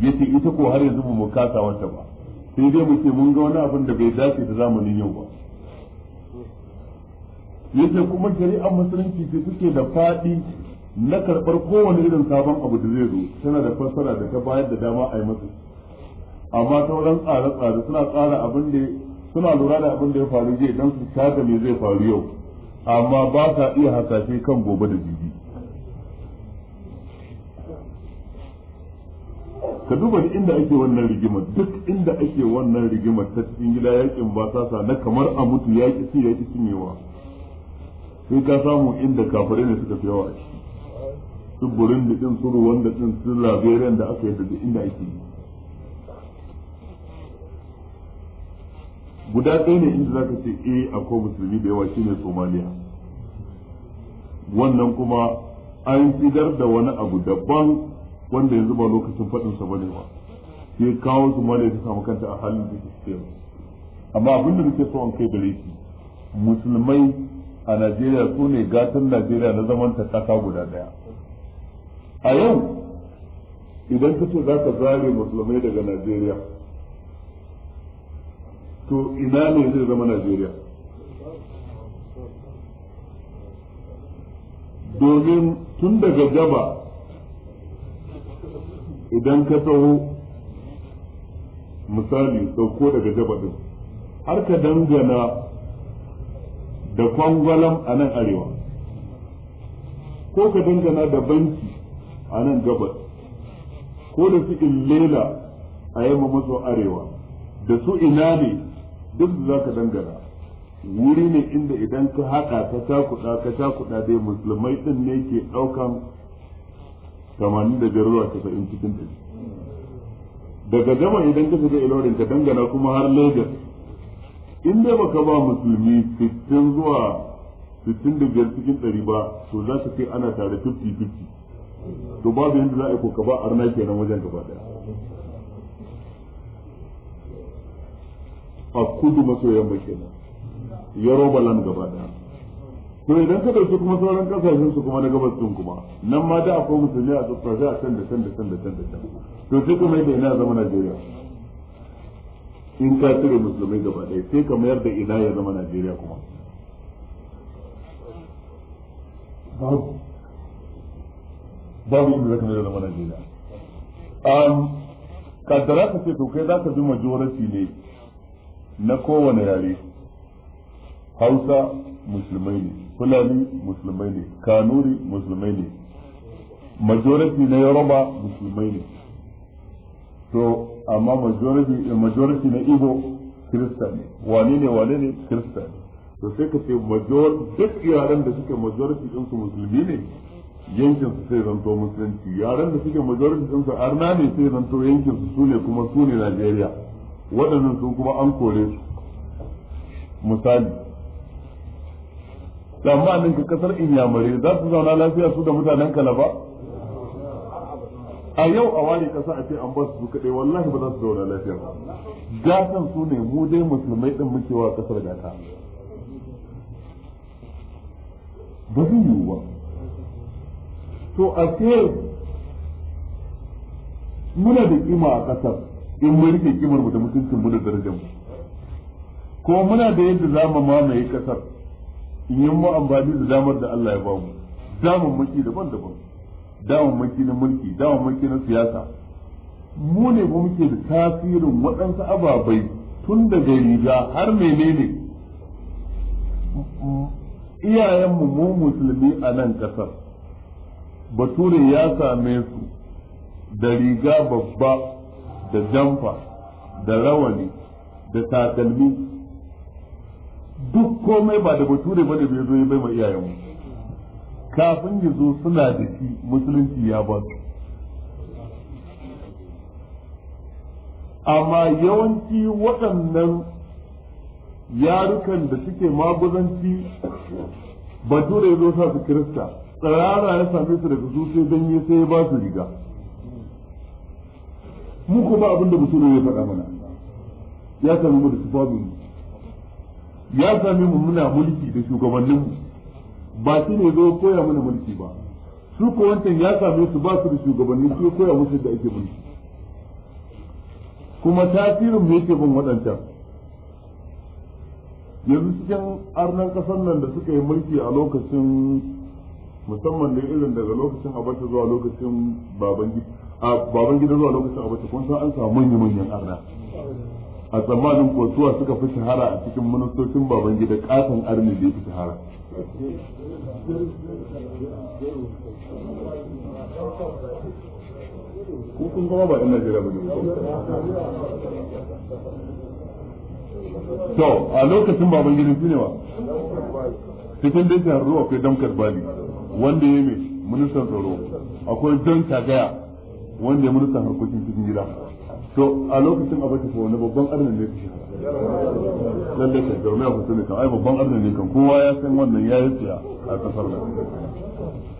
Ya ce ita ko har yanzu ba mu kasa wata ba sai dai mu ce mun ga wani abin da bai dace da zamanin yau ba yake kuma shari'ar musulunci ce suke da fadi na karbar kowane irin sabon abu da zai zo tana da fassara da ta bayar da dama a yi masa amma sauran tsare-tsare suna tsara abin da suna lura da abin da ya faru jiya don su kaga me zai faru yau amma ba sa iya hasashe kan gobe da jibi ka duba inda ake wannan rigimar duk inda ake wannan rigimar ta cikin gida yakin ba sasa na kamar a mutu yaki sun yi cinyewa sai ka samu inda kafirai ne suka fi yawa a ciki su da ɗin suru wanda ɗin su labirin da aka yadda inda ake yi guda ɗaya ne inda za ka ce A eh, akwai musulmi da yawa shine somaliya wannan kuma an fidar da wani abu daban wanda yanzu ba lokacin faɗin sa bane ba sai kawo somaliya ta samu kanta a halin da ke amma abin da so an kai gare shi musulmai a najeriya su ne gatan najeriya na zaman ta kasa guda daya a yau idan ka ce za ka zare musulmai daga najeriya to ina ne zai zama najeriya domin tun daga jaba, idan ka tsawo misali sauko daga jaba din har ka dangana da kwangwalam a nan arewa ko ka dangana da banki a nan gabas ko da su lela a yamma maso arewa da su ina ne duk za ka dangana wuri ne inda idan ka haɗa ka kuɗa ka kuɗa dai musulmai ɗin ne ke ɗaukan 85 zuwa 90 cikin ɗari daga gama idan ka shiga ilorin ka dangana kuma har lagos in dai baka ba musulmi 60 zuwa da biyar cikin ɗari ba to za ka ce ana tare 50-50 to babu yadda za a yi koka ba arna kenan wajen gaba ɗaya. a kudu maso yamma kenan yaroba land gaba ɗaya. to idan ka ɗauki kuma sauran kasashen su kuma na gabas sun kuma nan ma da akwai musulmi a tsaftace a can da can da can da can da can to sai kuma yadda ina zama Najeriya in ka cire musulmai gaba ɗaya sai ka mayar da ina ya zama najeriya kuma babu babu inda zaka mayar da zama najeriya kaddara ka ce to kai za ka bi majority ne na kowane yare hausa musulmai ne fulani musulmai ne kanuri musulmai ne majority na yoruba musulmai ne to amma majority eh, majority na Igbo Kirista ne wane ne wane ne Kirista ne to sai ka ce major duk yaran da suke majority din su musulmi ne yankin su sai zanto musulunci yaran da suke majority din su arna ne sai zanto yankin su sune kuma sune Najeriya waɗannan su kuma an kore su misali da amma nan ka kasar inyamare za su zauna lafiya su da mutanen kalaba a yau a ware kasa a ce an ba su su kaɗai wallahi ba za su zauna lafiya ba gatan su ne mu dai musulmai ɗin muke wa ƙasar gata ba zai yiwu ba to a ce muna da kima a ƙasar in mun rike kimar mu da mutuncin muna da darajar mu ko muna da yadda za mu mamaye ƙasar in yi mu amfani da damar da Allah ya ba mu damar muke daban-daban damammaki na mulki damammaki na siyasa mu ne ba muke da tasirin waɗansu ababai tun daga riga har menene iyayenmu mu musulmi a nan ƙasar bature ya same su da riga babba da jamfa da rawani da takalmi duk komai ba da bature ba da bai zo ya bai ma iyayenmu kafin ya zo suna da shi musulunci ya ba su amma yawanci waɗannan yarukan da suke maguzanci bature ya zo sa su kirista tsirara ya same su daga su sai ganye sai ya ba su riga mu kuma abin da mutum ya faɗa mana ya sami mu da su ya sami mu muna mulki da shugabanninmu ba shi ne zo koya mana mulki ba su ko wancan ya same su ba su da shugabanni su koya musu da ake mulki kuma tasirin me yake bin waɗancan yanzu cikin arnan ƙasar nan da suka yi mulki a lokacin musamman da irin daga lokacin abacin zuwa lokacin baban gida zuwa lokacin abacin kun san an samu manya manyan arna a tsammanin kotuwa suka fi shahara a cikin ministocin baban gida katon arni da ya fi shahara ko kun kuma ba ɗan Najeriya ba ne to a lokacin baban gidan shi ne wa cikin dai jihar ruwa kai damkar bali wanda ya mai ministan tsaro akwai don tagaya wanda ya ministan harkokin cikin gida to a lokacin a bace wani babban arnin ne ya fi da ka garme a kusa kan ai babban arnin ne kan kowa ya san wannan ya yi tsiya a kasar nan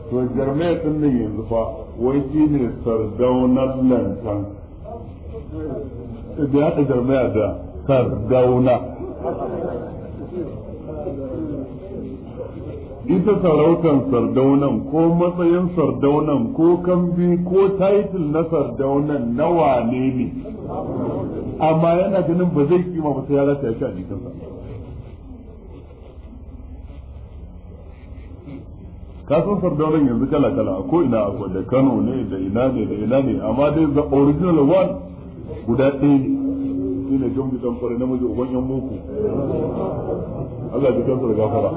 to jarme sun ne yanzu fa wai shi ne sardaunar lantan da ya ta a da sardauna ita sarautar sardaunan ko matsayin sardaunan ko kambi ko taitil na sardaunan nawa ne ne amma yana ganin ba zai kima ba sai ya rasa ya shi a jikinsa kasan sardaunan yanzu kala kala a ko'ina akwai da kano ne da ina ne da ina ne amma dai the original one guda ɗaya ne shi ne gambi tamfari namiji uban yan muku Allah ji kansa da gafara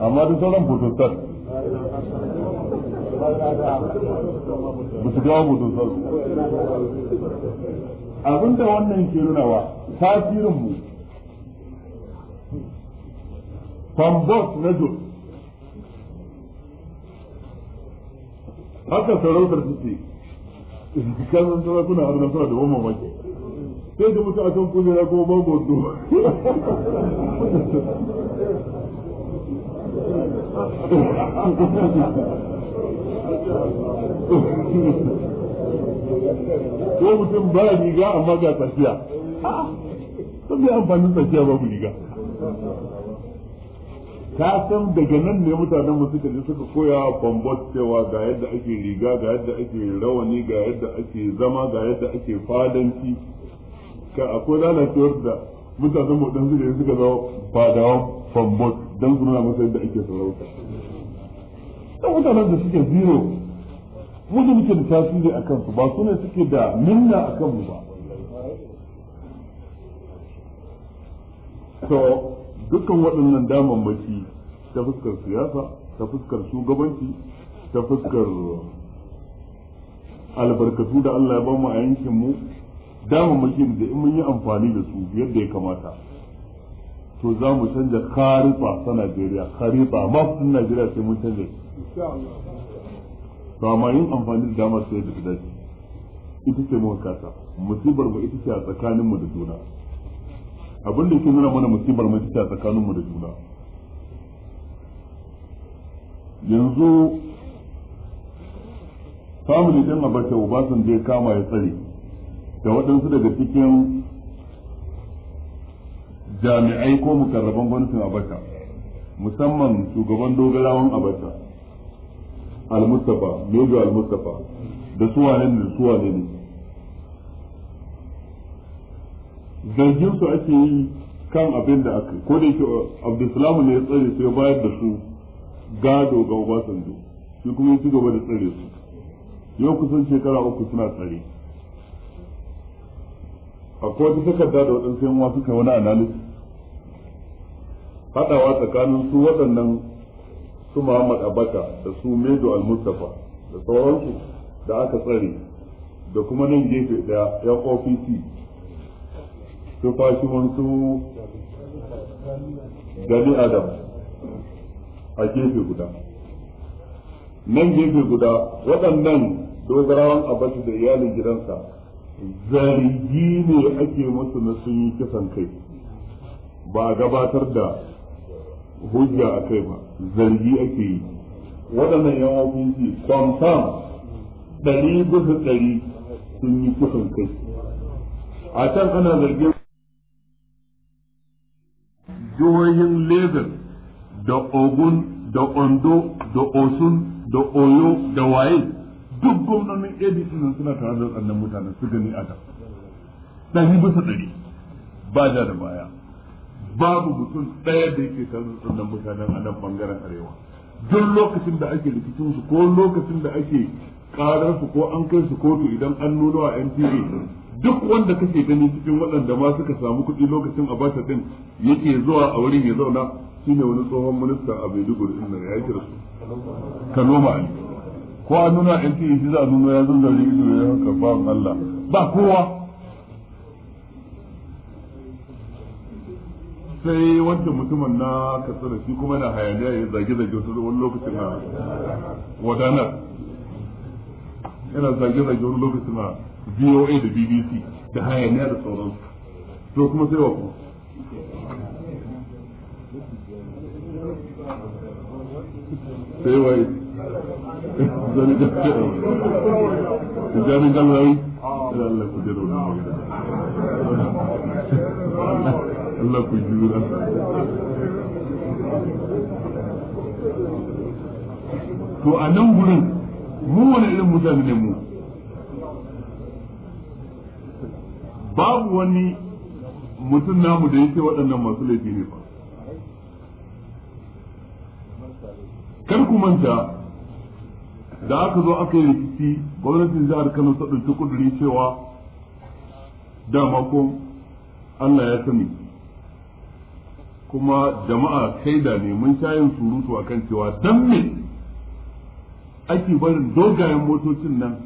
amma da sauran bututtar ba su gawa bututtar abinda wannan ke nunawa tasirin mu tambos na jo haka sarautar su ce kasan sarakuna suna nan suna da wamman wake sai da mutu a can kuma ya kuma ba gondo Thank you. ko mutum ba riga amma ga tsakiya sun bai amfanin tsakiya babu riga ka san daga nan ne mutanen masu suka suka koya bambot cewa ga yadda ake riga ga yadda ake rawani ga yadda ake zama ga yadda ake fadanci ka akwai lalacewar da mutanen mu dan suka suka zo fadawa bambot dan su nuna masa yadda ake sarauta dan mutanen da suke zero mu muke da tasiri a kansu ba su ne suke da minna a kanmu ba to dukkan waɗannan damammaki ta fuskar siyasa ta fuskar shugabanci ta fuskar albarkatu da Allah ya ba mu a yankin mu damammakin da in mun yi amfani da su yadda ya kamata to za mu canja karifa ta Najeriya karifa ma su Najeriya sai mun canja to amma yin amfani da damar sai da dace ita ce muka kasa musibar mu ita ce a tsakanin mu da juna abin da ke nuna mana musibar mu ita ce a tsakanin mu da juna yanzu family din uba sun ya kama ya tsare da waɗansu daga cikin jami'ai ko mukarraban gwamnatin abarta musamman shugaban dogarawan abarta al-mustafa mejo al-mustafa da suwa ne da suwa ne ne zargin su ake yi kan abin da aka ko da yake Abdulsalam ne ya tsare su ya bayar da su gado ga obasanjo shi kuma ya ci gaba da tsare su yau kusan shekara uku suna tsare akwai wata takarda da waɗansu yan wasu kai wani analysis haɗawa tsakanin su waɗannan su Muhammad Abaka da su Medo Al-Mustafa da sauransu da aka tsare da kuma nan gefe daya yan OPC su fashi wansu Gani Adam a gefe guda nan gefe guda waɗannan dogarawan abata da iyalin gidansa zargi ne ake musu na sun yi kisan kai ba a gabatar da hujja a kai ba zargi ake yi waɗannan yan ji kwamfam ɗari bisa ɗari sun yi kusan kai a can ana zargin jihohin lagos da ogun da ondo da osun da oyo da waye duk gwamnonin adc sun suna tare da tsannan mutanen su gani a da ɗari bisa ɗari ba da baya babu mutum ɗaya da yake san sunan mutanen a nan bangaren arewa duk lokacin da ake likitin su ko lokacin da ake karar su ko an kai su kotu idan an nuna a NTV duk wanda kake ganin cikin waɗanda ma suka samu kuɗi lokacin abata din yake zuwa a wurin ya zauna shine wani tsohon minista a Maiduguri din nan ya kira su Kanoma Ali ko an nuna a shi za a nuna ya zunzare ido ya haka ba Allah ba kowa sai wancan mutumin na kasar shi kuma na hayaniya ya zage zage wasu wani lokacin na wadanar yana zage zage wani lokacin na VOA da BBC da hayaniya da sauransu to kuma sai wa kuma sai wai zan ga jamin galwai ila Allah ku jira wannan Allah ku to a nan gurin mu wani irin mutane ne mu babu wani mutum namu da yake waɗannan masu laifi ne ba kar ku manta da aka zo aka yi rikici gwamnatin jihar kano ta ɗauki kuduri cewa dama ko allah ya sani kuma jama'a shaida ne mun sha yin surutu a kan cewa dan me ake barin dogayen motocin nan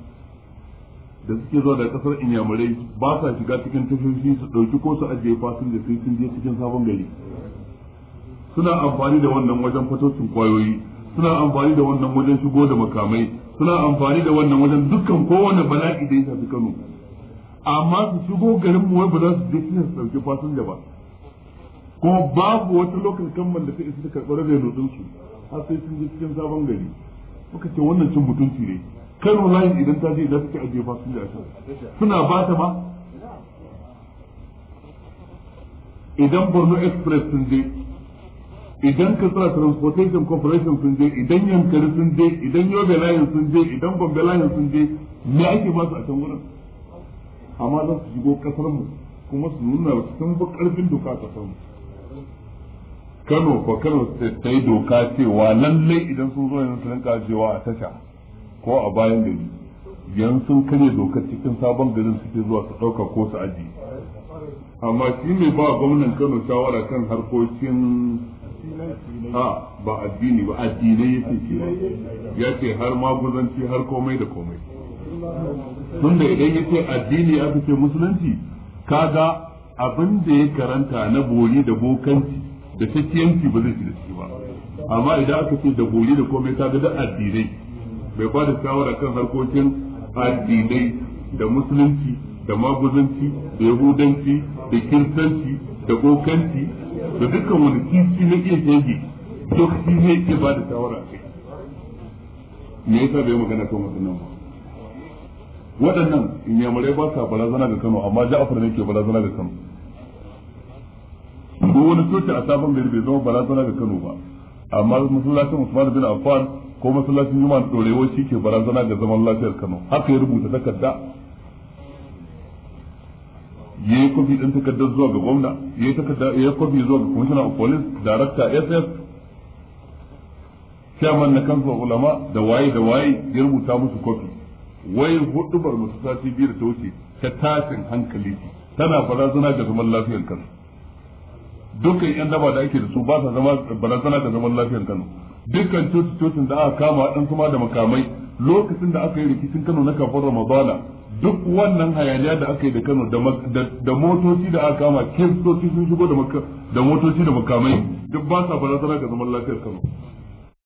da suke zuwa da kasar inyamurai ba sa shiga cikin tafiyoyi su ɗauki ko su ajiye fasinja sai sun je cikin sabon gari suna amfani da wannan wajen fatocin kwayoyi suna amfani da wannan wajen shigo da makamai suna amfani da wannan wajen dukkan kowane bala'i da ya shafi kano amma su shigo garin mu wai ba za su je su ɗauki fasinja ba kuma babu wata lokacin kan da isa suka karɓi da yanzu su har sai sun ji cikin sabon gari muka ce wannan cin mutunci ne kano layin idan ta je idan suke ajiye fasinja a suna ba ta ba idan borno express sun je idan katsina transportation corporation sun je idan yankari sun je idan yobe layin sun je idan gombe layin sun je me ake ba su a can wurin amma za su shigo kasar mu kuma su nuna sun fi karfin doka a kasar mu kano ko kano sai doka cewa lalle idan sun zo yanzu rinka cewa a tasha ko a bayan gari yanzu sun kare dokar cikin sabon garin suke zuwa su ɗauka ko su aji amma shi ne ba gwamnan kano shawara kan harkokin ha ba addini ba addinai yake ke ya ce har maguzanci har komai da komai tunda idan yake addini aka ce musulunci kaga abin da ya karanta na bori da bokanci da yanki ba zai shiga ciki ba amma idan aka ce da gori da komai ka ga da addinai bai ba da shawara kan harkokin addinai da musulunci da maguzanci da yahudanci da kirtanci da kokanci da dukkan wani kishi na iya shege to shi ne ke ba da shawara a kai me yasa bai magana kan waɗannan ba waɗannan inyamurai ba sa barazana ga kano amma ja'afar ne ke barazana ga kano ko wani soci a sabon gari bai zama barazana ga Kano ba amma masallacin Usman bin Affan ko masallacin Juma dorewa shi ke barazana ga zaman lafiyar Kano haka ya rubuta takarda ya yi kofi ɗin takardar zuwa ga gwamna ya yi takarda ya yi kofi zuwa ga commissioner of police director SS chairman na kansu ulama da waye da waye ya rubuta musu kofi wai hudubar masu sati biyu da ta wuce ta tashin hankali tana barazana ga zaman lafiyar Kano dukkan yan daba da ake da su ba sa zama barazana ga zaman lafiyar Kano dukkan cocin da aka kama dan kuma da makamai lokacin da aka yi rikicin Kano na kafin Ramadana duk wannan hayaniya da aka yi da Kano da motoci da aka kama kiristoci sun shigo da motoci da makamai duk ba sa barazana ga zaman lafiyar Kano